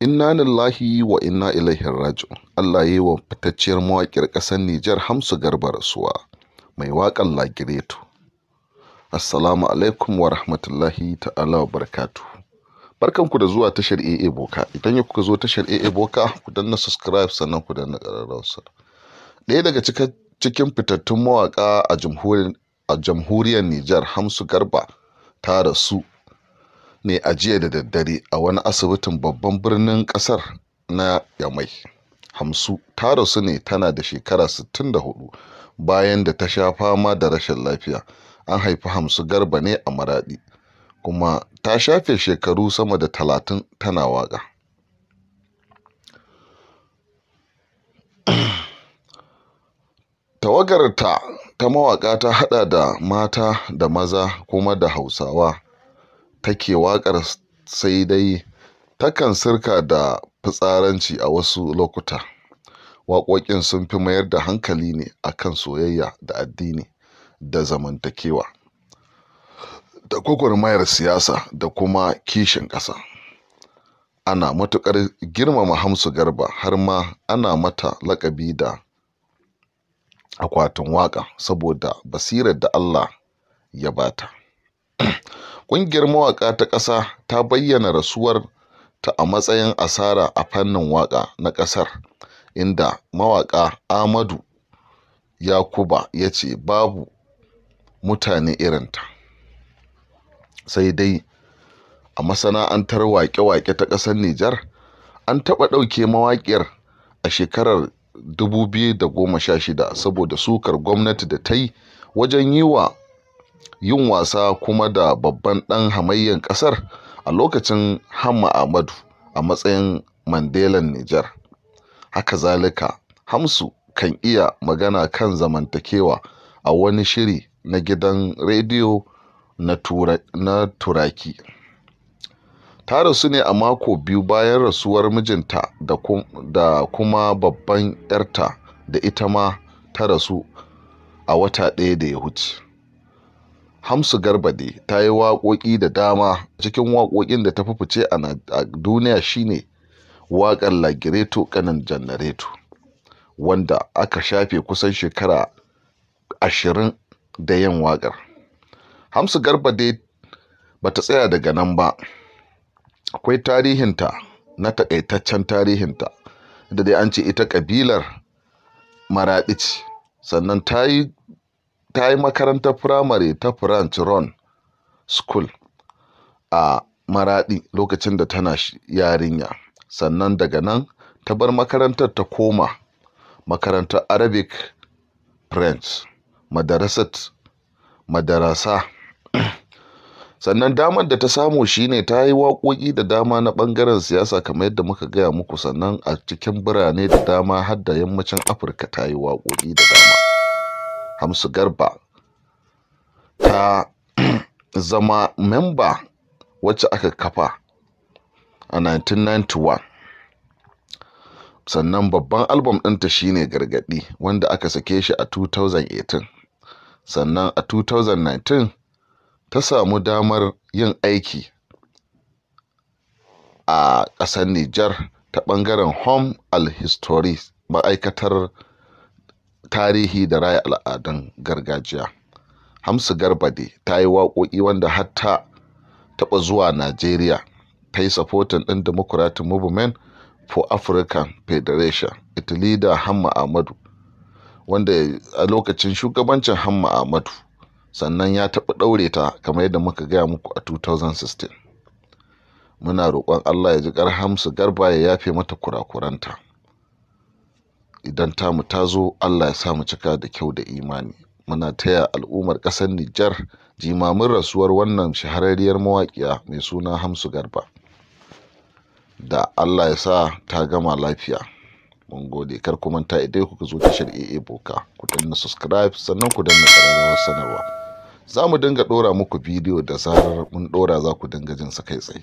inna lillahi wa inna ilaihi raji'un Allah ya yi wa fitacciyar mawaƙiyar ƙasar Nijar Hamsu Garba rasuwa mai waƙan Lagireto Assalamu alaikum wa rahmatullahi ta'ala wa barkatu Barkanku da zuwa tashar AA Boka idan ya kuka zo tashar AA Boka ku danna subscribe sannan ku danna ƙararrawar Ɗaya daga cikin fitattun mawaƙa a jamhuriyar Nijar Hamsu Garba ta rasu ne a jiya da daddare a wani asibitin babban birnin kasar na yamai hamsu ta rasu ne tana da shekara 64 bayan da ta sha fama da rashin lafiya an haifi hamsu garba ne a maradi kuma ta shafe shekaru sama da talatin tana waƙa tawagarta ta mawaƙa ta haɗa da mata da maza kuma da hausawa take waƙar sai dai takan sirka da fitsaranci a wasu lokuta. Waƙoƙin sun fi mayar da hankali ne a kan soyayya da addini da zamantakewa da gwagwarmayar siyasa da kuma kishin ƙasa. Ana matuƙar girmama Hamsu Garba har ma ana mata laƙabi da akwatin waƙa saboda basirar da Allah ya bata. Ƙungiyar mawaƙa ta ƙasa ta bayyana rasuwar ta a matsayin asara a fannin waƙa na ƙasar, inda mawaƙa Ahmadu Yakuba ya ce babu mutane irinta, sai dai a masana'antar waƙe-waƙe ta ƙasar Nijar an taɓa ɗauke mawaƙiyar a shekarar 2016 saboda sukar gwamnati da ta yi wajen yi wa yin wasa kuma da babban ɗan hamayyar ƙasar a lokacin Hamma Ahmadu a matsayin Mandelan Nijar. Haka zalika, Hamsu kan iya magana kan zamantakewa a wani shiri na gidan rediyo na Turaki. Ta rasu ne a mako biyu bayan rasuwar mijinta da kuma babban 'yarta da ita ma ta rasu a wata ɗaya da ya wuce. Hamsu Garbade ta yi waƙoƙi da dama cikin waƙoƙin da ta fice a duniya shine waƙar Lagireto kanan Janareto wanda aka shafe kusan shekara ashirin da yin waƙar. Hamsu Garbade ba ta tsaya daga nan ba, akwai tarihinta na taƙaitaccen tarihinta da dai an ce ita ƙabilar maraɗici sannan ta yi ta yi makarantar firamare ta French run School a Maraɗi lokacin da tana yarinya, sannan daga nan ta bar makarantar ta koma makarantar Arabic French Madarasat Madarasa. sannan damar da ta samu shine ta yi waƙoƙi da dama na ɓangaren siyasa kamar yadda muka gaya muku sannan a cikin birane da dama har da yammacin afirka ta yi waƙoƙi da dama Hamsu Garba ta zama memba wacce aka kafa a 1991 sannan babban albam ɗinta shine gargaɗi wanda aka sake shi a 2018 sannan a 2019 ta samu damar yin aiki a ƙasar Nijar ta ɓangaren Home al History ma'aikatar tarihi da raya al'adun gargajiya hamsu garbade ta yi waƙoƙi wanda hatta taɓa zuwa najeriya ta yi supporting ɗin democratic movement for african federation ita leader hamma ahmadu wanda a lokacin shugabancin hamma ahmadu sannan ya taɓa ɗaure ta kamar yadda muka gaya muku a 2016 muna roƙon allah ya ji ƙar hamsu garba ya yafe mata kurakuranta idan tamu ta zo Allah ya sa mu cika da kyau da imani muna taya al'ummar ƙasar Nijar jimamin rasuwar wannan shahararriyar mawaƙiya mai suna Hamsu Garba da Allah ya sa ta gama lafiya mun gode kar ku manta idan kuka zo tashar AA Boka ku danna subscribe sannan ku danna ƙararrawar sanarwa za mu dinga ɗora muku bidiyo da zarar mun ɗora za ku dinga jin sa kai tsaye